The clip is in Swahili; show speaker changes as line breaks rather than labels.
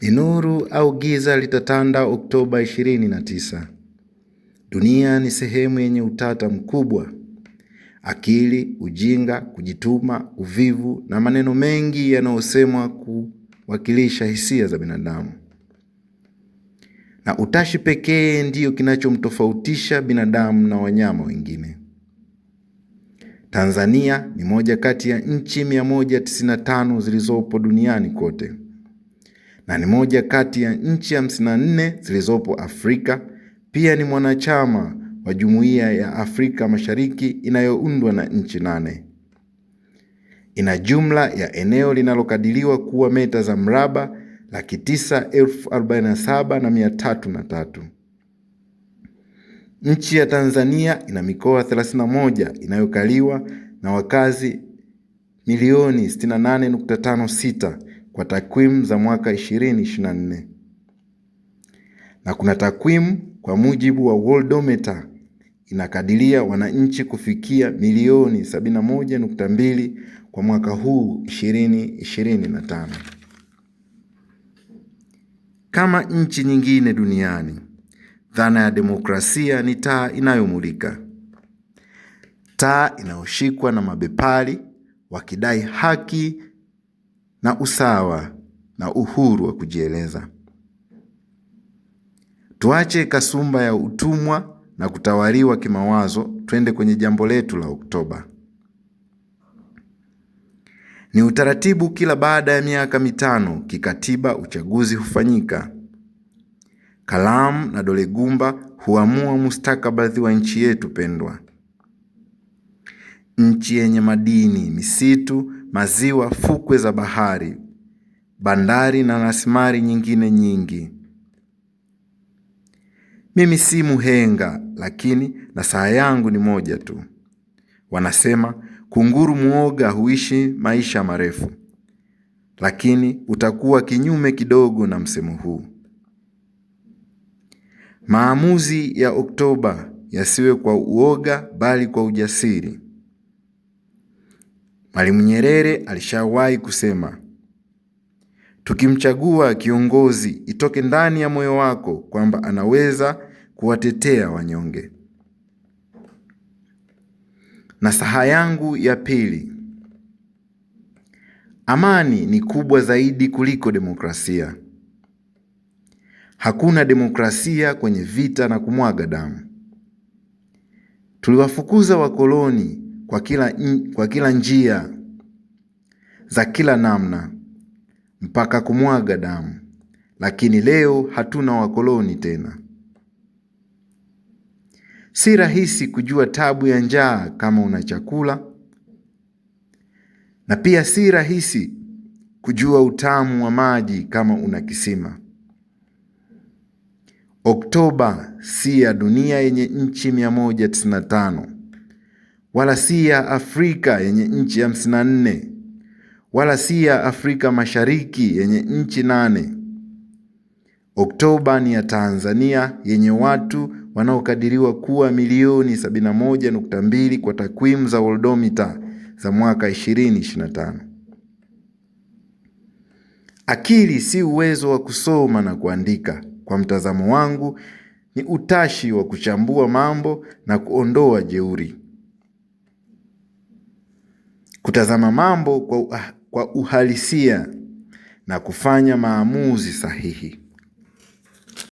Ni nuru au giza litatanda Oktoba 29. Dunia ni sehemu yenye utata mkubwa. Akili, ujinga, kujituma, uvivu na maneno mengi yanayosemwa kuwakilisha hisia za binadamu. Na utashi pekee ndiyo kinachomtofautisha binadamu na wanyama wengine. Tanzania ni moja kati ya nchi 195 zilizopo duniani kote na ni moja kati ya nchi 54 zilizopo Afrika. Pia ni mwanachama wa Jumuiya ya Afrika Mashariki inayoundwa na nchi nane. Ina jumla ya eneo linalokadiriwa kuwa meta za mraba laki tisa elfu arobaini na saba na mia tatu na tatu. Nchi ya Tanzania ina mikoa 31 inayokaliwa na wakazi milioni 68.56 kwa takwimu za mwaka 2024 na kuna takwimu kwa mujibu wa Worldometer inakadiria wananchi kufikia milioni 71.2 kwa mwaka huu 2025. Kama nchi nyingine duniani, dhana ya demokrasia ni taa inayomulika, taa inayoshikwa na mabepari wakidai haki na usawa na uhuru wa kujieleza. Tuache kasumba ya utumwa na kutawaliwa kimawazo, twende kwenye jambo letu la Oktoba. Ni utaratibu kila baada ya miaka mitano kikatiba uchaguzi hufanyika. Kalamu na dole gumba huamua mustakabali wa nchi yetu pendwa. Nchi yenye madini, misitu maziwa, fukwe za bahari, bandari na rasilimali nyingine nyingi. Mimi si muhenga, lakini na saa yangu ni moja tu. Wanasema kunguru mwoga huishi maisha marefu, lakini utakuwa kinyume kidogo na msemo huu. Maamuzi ya Oktoba yasiwe kwa uoga, bali kwa ujasiri. Mwalimu Nyerere alishawahi kusema, tukimchagua kiongozi, itoke ndani ya moyo wako kwamba anaweza kuwatetea wanyonge. Nasaha yangu ya pili, amani ni kubwa zaidi kuliko demokrasia. Hakuna demokrasia kwenye vita na kumwaga damu. Tuliwafukuza wakoloni kwa kila, kwa kila njia za kila namna mpaka kumwaga damu. Lakini leo hatuna wakoloni tena. Si rahisi kujua tabu ya njaa kama una chakula, na pia si rahisi kujua utamu wa maji kama una kisima. Oktoba si ya dunia yenye nchi 195 wala si ya Afrika yenye nchi hamsini na nne wala si ya Afrika Mashariki yenye nchi nane. Oktoba ni ya Tanzania yenye watu wanaokadiriwa kuwa milioni 71.2 kwa takwimu za Worldometer za mwaka 2025. Akili si uwezo wa kusoma na kuandika. Kwa mtazamo wangu, ni utashi wa kuchambua mambo na kuondoa jeuri kutazama mambo ah, kwa uhalisia na kufanya maamuzi sahihi.